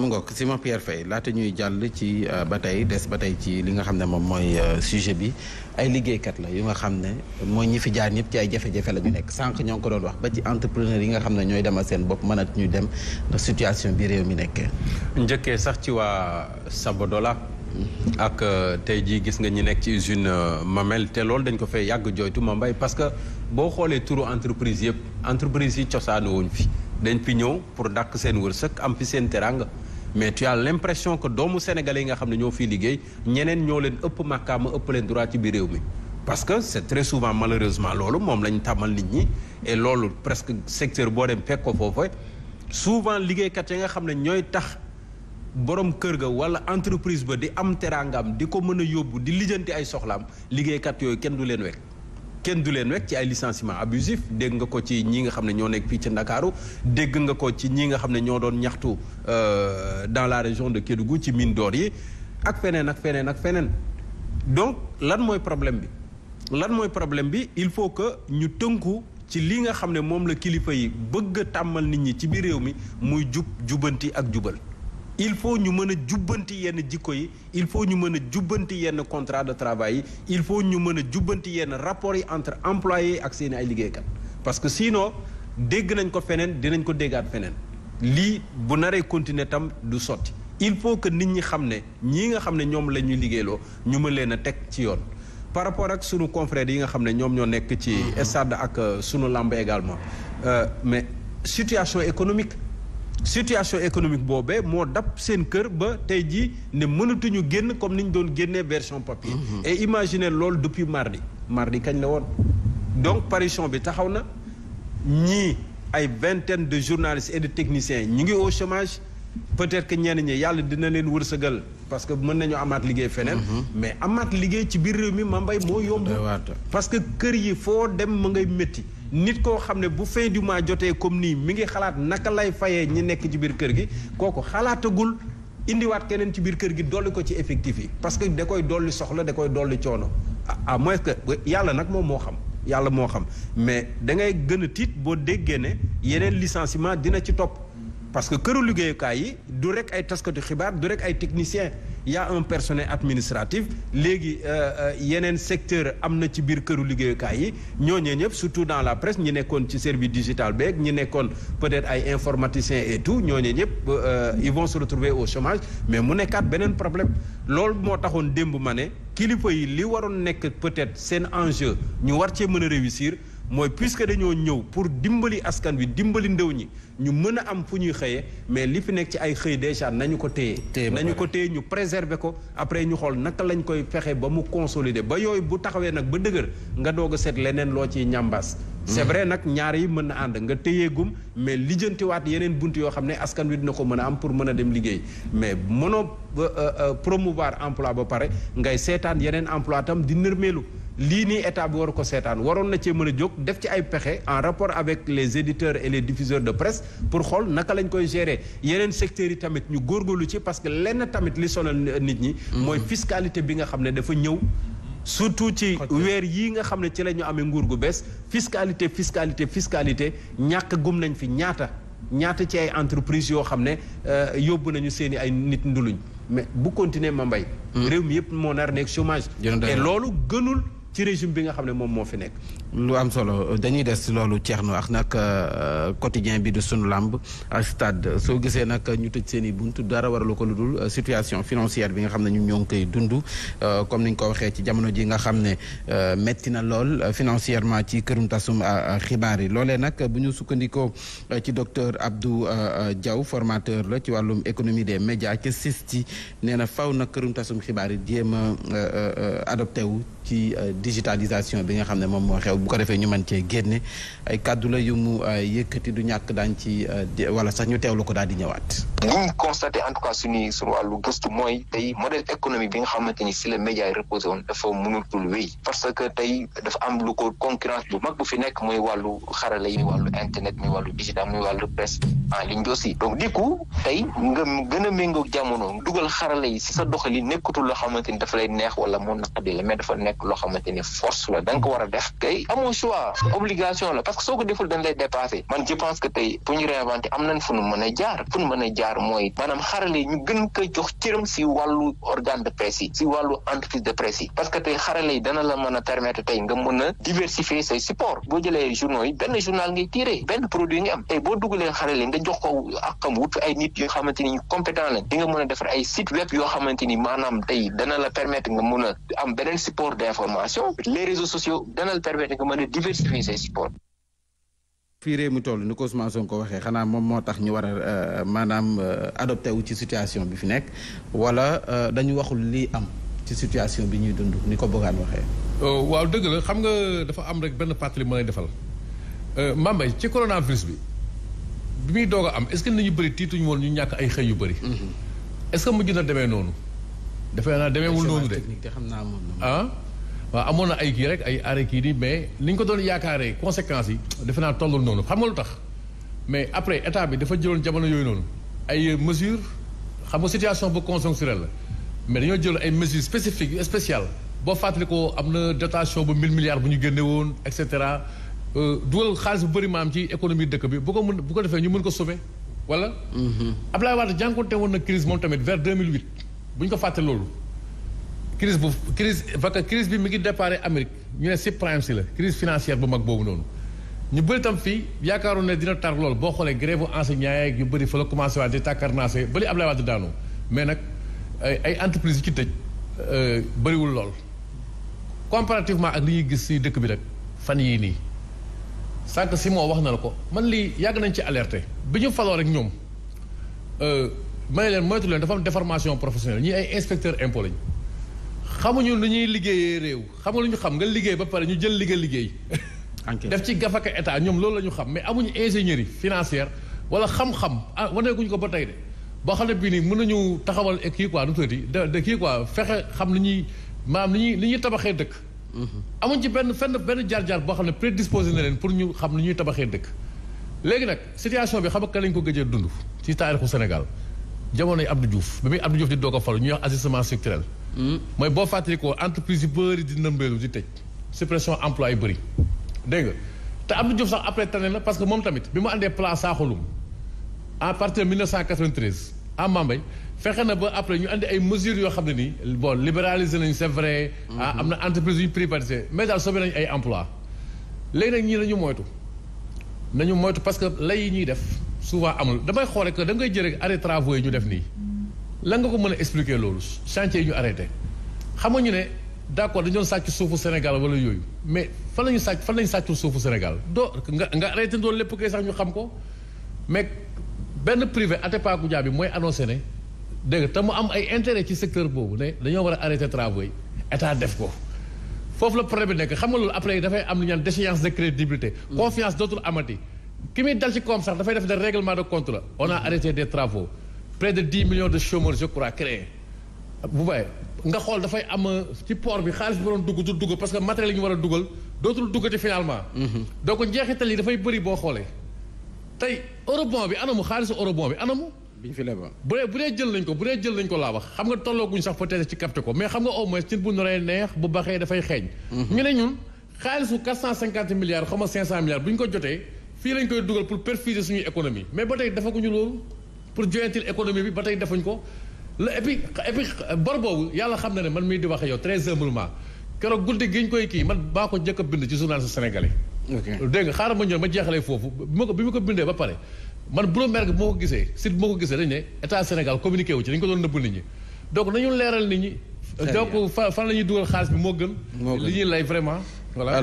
mu ngoog Simon Pierre Faye laata ñuy jàll ci euh, ba tey des ba tey ci li nga xam ne moom mooy euh, sujet bi ay liggéeykat la yu nga xam ne mooy ñi fi jaar ñëpp ci ay jafe-jafe la ñu nekk sànq ñoo ngi ko doon wax ba ci entrepreneur yi nga xam ne ñooy demal seen bopp mënat ñu dem ndax situation bi réew mi nekkee. njëkkee sax ci waa Sabodola mm-hmm. ak euh, tey ji gis nga ñi nekk ci usine Mamel te loolu dañ ko fay yàgg jooytu ma mbay parce que boo xoolee turu entreprise yëpp entreprise yi cosaanu wuñ fi dañ fi ñëw pour dàq seen wërsëg am fi seen teraanga. mais tu as l'impression que doomu sénégalais yi nga xam ne ñoo fii liggéey ñeneen ñoo leen ëpp màkkaama ëpp leen droit ci biir réew mi parce que c'est très souvent malheureusement loolu moom lañu tàmmal nit ñi loolu presque secteur boo dem fekk ko foofu souvent liggéeykat yi nga xam ne ñooy tax borom kër ga wala entreprise ba di am teraangam di ko mën a yóbbu di lijjanti ay soxlaam liggéeykat yooyu kenn du leen wekk kenn du leen wekk ci ay licenciement abusif dégg nga ko ci ñi nga xam ne ñoo nekk fii ci Ndakaaru dégg nga ko ci ñi nga xam ne ñoo doon ñaxtu euh, dans la région de Kédougou ci mine d'or yi ak feneen ak feneen ak feneen donc lan mooy problème bi lan mooy problème bi il faut que ñu tënku ci li nga xam ne moom la kilifa yi bëgg a tàmmal nit ñi ci biir réew mi muy jub jubanti ak jubal il faut ñu mën a jubbanti yenn jikko yi il faut ñu mën a jubbanti yenn contrat de travail yi il faut ñu mën a jubbanti yenn rapport yi entre employé ak seen ay liggéeykat parce que sinon dégg nañ ko feneen dinañ ko déggaat feneen lii bu naree continuer tam du sotti il faut que nit ñi xam ne ñii nga xam ne ñoom la ñuy liggéeyloo ñu mën leen a teg ci yoon par rapport ak sunu confrères yi nga xam ne ñoom ñoo nekk ci mm-hmm. stade ak euh, sunu làmb également euh, mais situation économique situation économique boobee moo dab seen kër ba tey jii ne mënatuñu génn comme ni ñu doon génnee version papier. Mhm. et imaginez loolu depuis mardi mardi kañ la woon. donc parution bi taxaw na ñii ay vingtaine de journalistes et de techniciens ñu ngi au chômage peut-être que ñenn ñi yàlla dina leen wërsëgal parce que mën nañu amaat liggéey feneen. Mhm. mais amaat liggéey ci biir réew mi ma Mambay moo yomb. parce que kër yi foo dem ma ngay métti. nit koo xam ne bu fin du jotee comme nii mi ngi xalaat naka lay fayee ñi nekk ci biir kër gi kooku xalaatagul indiwaat keneen ci biir kër gi dolli ko ci effectif yi parce que da koy dolli soxla da koy dolli coono à moins que yàlla nag moom moo xam yàlla moo xam mais dangay ngay gën a tiit boo déggee ne yeneen licenciement dina ci topp parce que këru liggéeyukaay yi du rek ay taskatu xibaar du rek ay technicien y a un personnel administratif léegi euh, euh, yeneen secteur am na ci biir këru liggéeyukaay yi ñooñee ñëpp surtout dans la presse ñi nekkoon ci service digital beek ñi nekkoon peut-être ay informaticiens et tout ñooñee ñëpp euh, ils vont se retrouver au chômage mais mu nekkaat beneen problème loolu moo taxoon démb ma ne kilifa yi li waroon nekk peut-être seen enjeu ñu war cee mën a réussir mooy puisque dañoo ñëw pour dimbali askan wi dimbali ndaw ñi ñu mën a am fu ñuy xëyee mais li fi nekk ci ay xëy déjà nañu ko téye nañu ko téye ñu préserver ko après ñu xool naka lañ koy fexe ba mu consolider ba yooyu bu taxawee nag ba dëgër nga doog a seet leneen loo ci ñambaas hmm. c'est vrai nag ñaar yi mën na ànd nga gum mais lijjantiwaat yeneen bunt yoo xam ne askan wi dina ko mën a am pour mën a dem liggéey mais mënoo euh, euh, euh, promouvoir emploi ba pare ngay seetaan yeneen emploi tam di nërmeelu lii nii état bi waru ko seetaan waroon na cee mën a jóg def ci ay pexe en rapport avec les éditeurs et les diffuseurs de presse pour xool naka lañ koy gérer yeneen secteurs yi tamit ñu góorgóorlu ci parce que lenn tamit li sonal nit ñi. mooy mm-hmm. fiscalité bi nga xam ne dafa ñëw. surtout ci weer yii nga xam ne ci la ñu amee nguur gu bees fiscalité fiscalité fiscalité ñàkk gum nañ fi ñaata ñaata ci ay entreprises yoo xam ne euh, yóbbu nañu seen i ay nit nduluñ mais bu continuer ma mbay. Mm. réew mi yëpp moo nar nekk chômage. te loolu gënul. ci régime bi nga xam ne moom moo fi nekk lu am solo dañuy des loolu na wax nag euh, quotidien bi du sunu làmb stade soo gisee nag ñu tëj seen i bunt dara waralu ko lu dul euh, situation financière bi nga xam ne ñu ñoo ngi koy dund euh, comme ni ñu ko waxee ci jamono ji nga xam ne metti na lool financièrement ci kërum tasum xibaar yi loolee nag bu ñu sukkandikoo ci docteur Abdou Diaw formateur la ci wàllum économie des médias ca CESTI nee na faw na kërum tasum xibaar yi jéem a adopté wu ci digitalisation bi nga xam ne moom moo xew bu ko defee ñu mën cee génne ay kàddu la yu mu yëkkati du ñàkk daañ ci euh, wala sax ñu teewlu ko daal di ñëwaat. li ñu constaté tout cas suñuy suñu wàllu gëstu mooy tey modèle économique bi nga xamante ni si la média yi reposé woon dafa mënatul wéy parce que tey dafa am lu ko concurrence bu mag bu fi nekk muy wàllu xarala yi muy wàllu internet muy wàllu digital muy wàllu presse en ligne bi aussi donc du tey nga gën a méngoo jamono dugal xarala yi si sa doxali nekkatul loo xamante ni dafa lay neex wala mu dafa nekk loo xamante ni force la nga ko war a def kay amoo choix obligation la parce que soo ko deful dañ lay dépassé man je pense que tey bu ñu réinventé am nañ fu nu mën a jaar fu nu mën a jaar mooy maanaam xarale ñu gën ko jox cëram si wàllu organe de presse yi ci wàllu entreprise de presse yi parce que tey xarale yi dana la mën a permettre tey nga mën a diversifier say support boo jëlee journaux yi benn journal ngay tiré benn produit nga am tey boo dugalee xarale nga jox ko akam wut ay nit yoo xamante ni compétent lañ di nga mën a defar ay site yoo xamante ni maanaam tey dana la permettre nga mën a am beneen support d'information les réseaux sociaux dana nga mën a diversifier say sport. fii réew mi toll ni ko waxee xanaa moom moo tax ñu war a euh, maanaam euh, adopté wu ci situation bi fi nekk wala euh, dañu waxul lii am ci situation bi ñuy dund ni ko bëggaan waxee. waaw dëgg la xam nga dafa am rek benn pàttali mën a defal Mbaye ci coronavirus bi bi muy doog a am est-ce que nit ñu bëri tiituñu woon ñu ñàkk ay xëy yu bëri. Mm-hmm. est-ce que mujj na demee noonu. dafay naa demeewul noonu de ah. waaw amoon na ay kii rek ay arrêt kii nii mais li ñu ko doon yaakaaree conséquences yi defe naa tollul noonu xam lu tax mais après état bi dafa jëloon jamono yooyu noonu ay mesures xam nga situation bu conjoncturelle la mais dañoo jël ay mesures spécifiques yu boo fàttali ko am na dotation bu 1000 milliards bu ñu génne woon et cetera euh, dugal xaalis bu bëri maam ci économie dëkk bi bu ko mën bu ko defee ñu mën ko sauver wala. Mm-hmm. Abdoulaye Wade jànkuwante woon na crise moom tamit vers 2008 bu ko fàtte loolu. crise bu crise parce que crise bi mi ngi déparé Amérique ñu ne subprime si la crise financière bu mag boobu noonu ñu bëri tam fii yaakaaroon ne dina tar lool boo xoolee grève enseignant yeeg yu bëri fa la commencé waat di tàkkarnaase ba li Ablaye Wade daanu mais nag ay entreprise yu ci tëj euh, bëriwul lool comparativement ak li ñuy gis si dëkk bi nag fan yii nii sànq Simon wax na la ko man lii yàgg nañ ci alerté bi ñu faloo rek ñoom euh, ma ne leen moytu leen dafa am déformation professionnelle ñii ay inspecteur impôt lañ xamuñu lu ñuy liggéeyee réew xam nga lu ñu xam nga liggéey ba pare ñu jël li nga liggéey. def ci gafaka état ñoom loolu la ñu xam mais amuñu ingénierie financière wala xam-xam ah waneekuñu ko ba tey de boo xam ne bii nii mën nañu taxawal kii quoi nu tuuti de de fexe xam li ñuy maam li ñuy li ñuy tabaxee dëkk. Mm-hmm. amuñ ci benn fenn benn jaar-jaar boo xam ne prédisposé na leen pour ñu xam li ñuy tabaxee dëkk. léegi nag situation bi xam nga lañ ko gëjee dund ci taarixu Sénégal jamonoy Abdou Diouf bi muy Abdou Diouf di doog a falu ñuy wax ajustement structurel Hmm. mooy boo fàttalikoo entreprise yu bëri di nëmbeelu di tëj suppression emploi yu bëri dégg te am Diouf sax après tane na parce que moom tamit bi mu àndee plan saaxalum à partir de 1993 à Mambay fexe na ba après ñu andi ay mesures yoo xam ne nii bon libéraliser nañ c'est vrai. Hmm. ah am na entreprise yu privatisé mais daal sauvé nañ ay emploi léegi nag ñii nañu moytu nañu moytu parce que lay yi ñuy def souvent amul damay xoole que da ngay jël rek arrêt yi ñu def nii. lan nga ko mën a expliquer loolu chantier yi ñu arrêté xam nga ñu ne d'accord dañu doon sàcc suufu Sénégal wala yooyu mais fan la ñu sàcc fan la ñu sàccul suufu Sénégal doo nga nga arrêté doon lépp kay sax ñu xam ko mais benn privé Atepa Goudiaby bi mooy annoncé ne dégg nga te mu am ay intérêt ci secteur boobu ne dañoo war a arrêté travaux yi état def ko foofu la problème bi nekk xam nga loolu après dafay am lu ñaan déchéance de crédibilité mm. confiance dootul amati ki muy dal def des règlement de compte la mm. arrêté des travaux près de dix millions de chômeurs je crois créés bu bàyyi nga xool dafay am euh, ci port bi xaalis bi waroon dugg du dugg parce que matériel yi ñu war a dugal dootul duggati finalement. Mhm. donc njeexital yi dafay bëri boo xoolee. tey eurobond bi anamu xaalisu eurobond bi anamu. biñ fi lebal bu dee bu dee jël nañ ko bu dee jël nañ ko laa wax xam nga tollooguñ sax peut-être ci capté ko mais xam nga au moins cin bu noree neex bu baxee dafay xeeñ. Mhm. ñu ne ñun xaalisu quatre cinquante milliards xaw ma cinq cent milliards bu ñu ko jotee fii lañ koy dugal pour perfuser suñuy pour joyantil économie bi ba tey defuñ ko la et puis et yàlla xam na ne man mii di wax yow très humblement keroog guddi gi ñu koy kii man baa ko jëkk bind ci journal sénégalais. ok dégg nga xaaral ma ñëw ma jeexalee foofu bi ma ko bi ma ko bindee ba pare man Bloomberg bu ma ko gisee site bu ma ko gisee dañ ne état Sénégal communiqué wu ci dañ ko doon nëbbu nit ñi donc nañu leeral nit ñi. donc fan la ñuy dugal xaalis bi moo gën. li ñuy lay vraiment voilà.